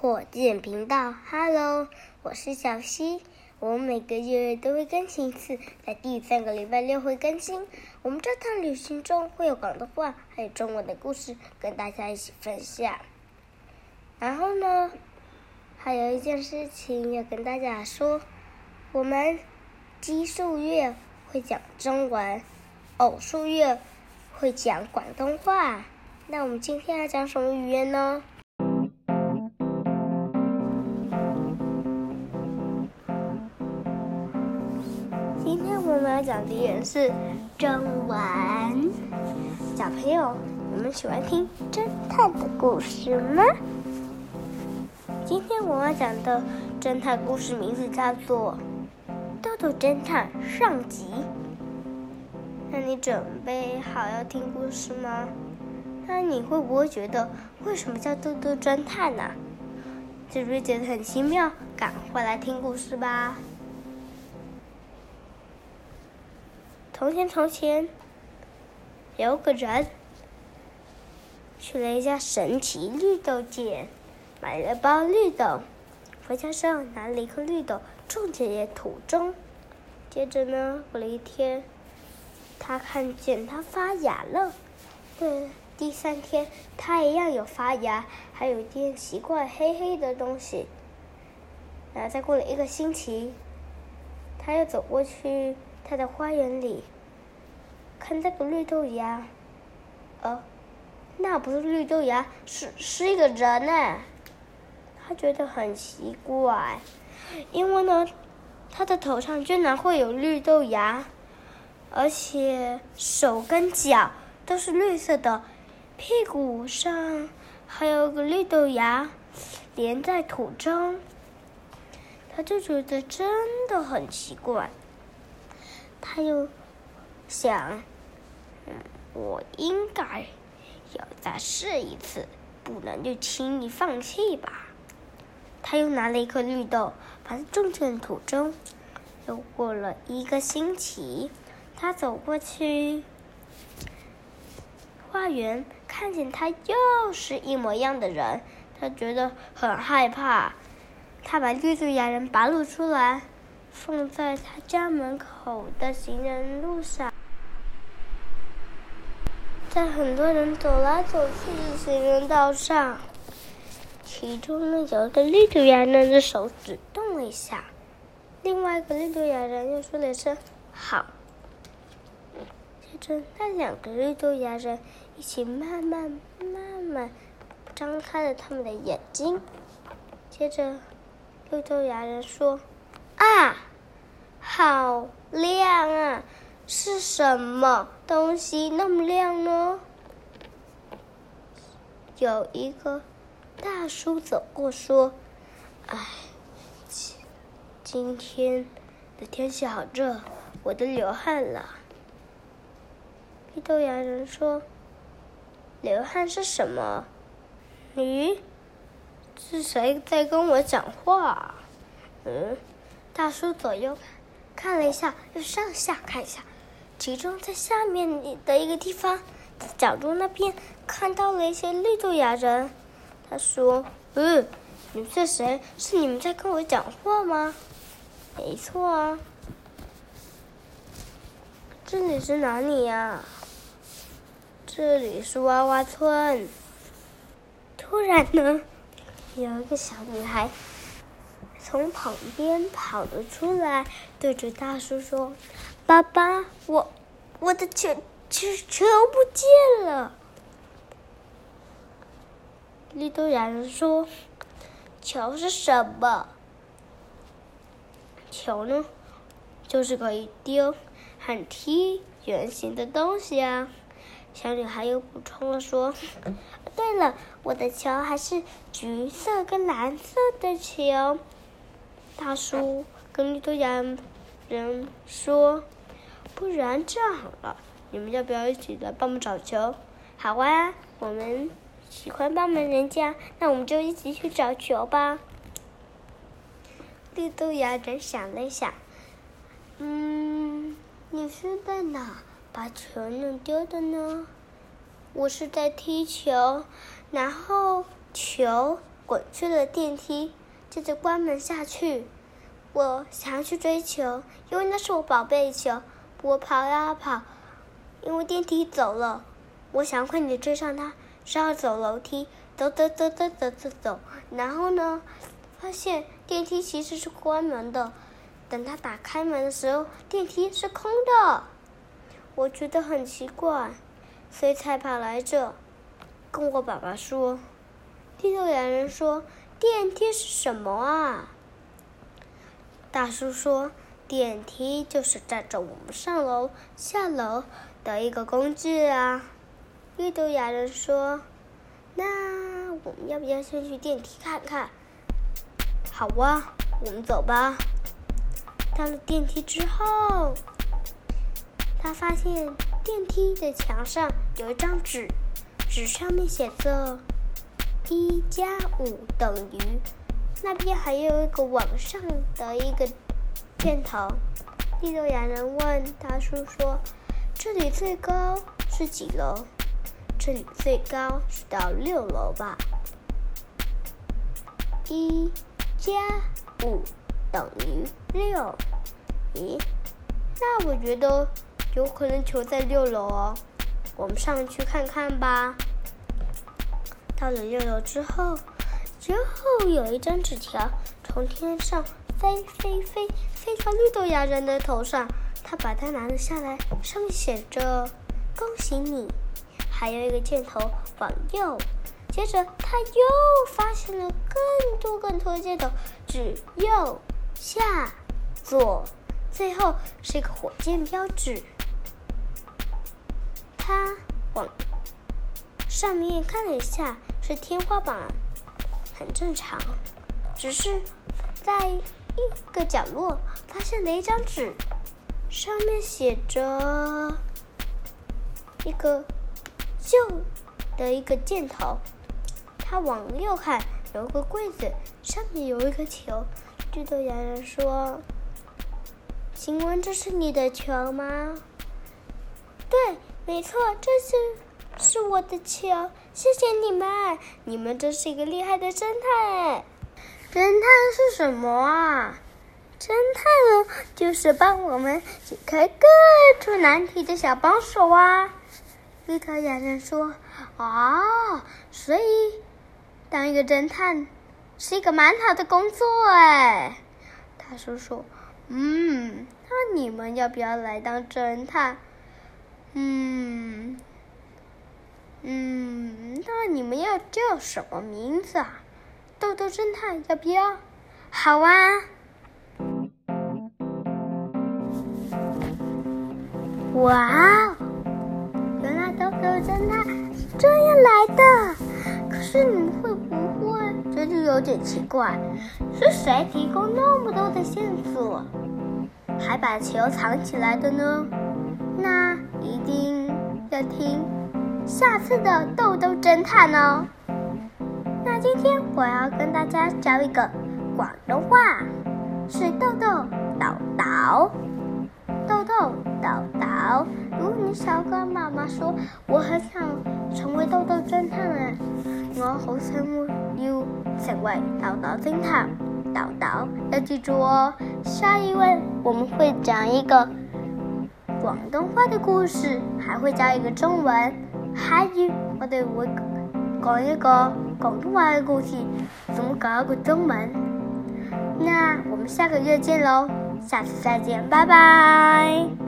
火箭頻道，Hello，我是小溪。我們每個月都會更新一次，在第三個禮拜六會更新。我們這趟旅行中會有廣東話，還有中文的故事跟大家一起分享。然後呢，還有一件事情要跟大家說，我們奇數月會講中文，偶數月會講廣東話。那我們今天要講什麼語言呢？今天我們要講的也是中文。小朋友，你們喜歡聽偵探的故事嗎？今天我們要講的偵探故事名字叫做《豆豆偵探》上集。那你準備好要聽故事嗎？那你會不會覺得為什麼叫豆豆偵探呢、啊？是不是覺得很奇妙？趕快來聽故事吧！從前，從前，有個人去了一家神奇綠豆店，買了包綠豆，回家後拿了一顆綠豆種在了土中。接着呢，過了一天，他看見它發芽了。嗯，第三天，它一樣有發芽，還有一點奇怪黑黑的東西。然後再過了一個星期，他又走過去。他的花園裡，看這個綠豆芽，哦，那不是綠豆芽，是是一個人呢。他覺得很奇怪，因為呢，他的頭上居然會有綠豆芽，而且手跟腳都是綠色的，屁股上還有個綠豆芽連在土中。他就覺得真的很奇怪。他又想，嗯，我應該要再試一次，不能就輕易放棄吧。他又拿了一顆綠豆，把它種進土中。又過了一個星期，他走過去花園，看見他又是一模一樣的人，他覺得很害怕。他把綠豆芽人拔了出來。放在他家門口的行人路上，在很多人走來走去的行人道上，其中呢有一個綠豆芽人的手指動了一下，另外一個綠豆芽人又說了一聲“好”，接着那兩個綠豆芽人一起慢慢慢慢張開了他們的眼睛，接着綠豆芽人說：“啊。”好亮啊！是什麼東西那麼亮呢？有一個大叔走過，說：“哎，今今天的天氣好熱，我都流汗了。”綠豆芽人說：“流汗是什麼？”咦，是誰在跟我講話？嗯，大叔左右看。看了一下，又上下看一下，其中在下面的一個地方，在角落那邊看到了一些綠豆芽人。他說：“嗯，你們是誰？是你們在跟我講話嗎？”“沒錯啊。”“這裡是哪裡呀？”“這裡是娃娃村。”突然呢，有一個小女孩。從旁邊跑了出來，對着大叔說：“爸爸，我我的球球球不見了。”綠豆芽人說：“球是什麼？球呢，就是可以丟、很踢、圓形的東西啊。”小女孩又補充了說：“對了，我的球還是橘色跟藍色的球。”大叔跟綠豆芽人說：“不然這樣好了，你們要不要一起來幫忙找球？”“好啊，我們喜歡幫忙人家，那我們就一起去找球吧。”綠豆芽人想了想：“嗯，你是在哪把球弄丟的呢？”“我是在踢球，然後球滾去了電梯。”接着關門下去，我想要去追球，因為那是我寶貝球。我跑呀跑，因為電梯走了，我想快點追上它，只好走樓梯，走走走走走走走。然後呢，發現電梯其實是關門的，等它打開門的時候，電梯是空的，我覺得很奇怪，所以才跑來這，跟我爸爸說，聽到兩人說。電梯是什麼啊？大叔說：“電梯就是載著我們上樓下樓的一個工具啊。”綠豆芽人說：“那我們要不要先去電梯看看？”“好啊，我們走吧。”到了電梯之後，他發現電梯的牆上有一張紙，紙上面寫着。一加五等於，那邊還有一個往上的一個箭頭。印度亞人問大叔說：“這裡最高是幾樓？這裡最高是到六樓吧？一加五等於六，咦？那我覺得有可能球在六樓哦，我們上去看看吧。”到了又有之後，之後有一張紙條從天上飛飛飛飛到綠豆芽人的頭上，他把它拿了下來，上面寫着“恭喜你”，還有一個箭頭往右。接着他又發現了更多更多的箭頭，指右、下、左，最後是一個火箭標誌，他往。上面看了一下，是天花板，很正常。只是在一個角落發現了一張紙，上面寫着一個右的一個箭頭。他往右看，有個櫃子，上面有一個球。綠豆芽芽說：“請問這是你的球嗎？”對，沒錯，這是。是我的球，謝謝你們！你們真是一個厲害的偵探。偵探是什麼啊？偵探呢，就是幫我們解開各種難題的小幫手啊。綠頭鴨人說：“哦，所以當一個偵探是一個蠻好的工作哎。”大叔說：“嗯，那你們要不要來當偵探？”嗯。嗯，那你們要叫什麼名字啊？豆豆偵探要不要？好啊！哇，哦，原來豆豆偵探是這樣來的。可是你們會不會覺得有點奇怪？是誰提供那麼多的線索，還把球藏起來的呢？那一定要聽。下次的豆豆偵探哦，那今天我要跟大家講一個廣東話，是豆豆導導豆豆導導。如果你想跟媽媽說，我很想成為豆豆偵探呢，哎，我好想要成為豆豆偵探。導導要記住哦，下一位我們會講一個廣東話的故事，還會教一個中文。下集我哋會講一個廣東話嘅故事，仲講一個中文。那我們下個月見咯，下次再見，拜拜。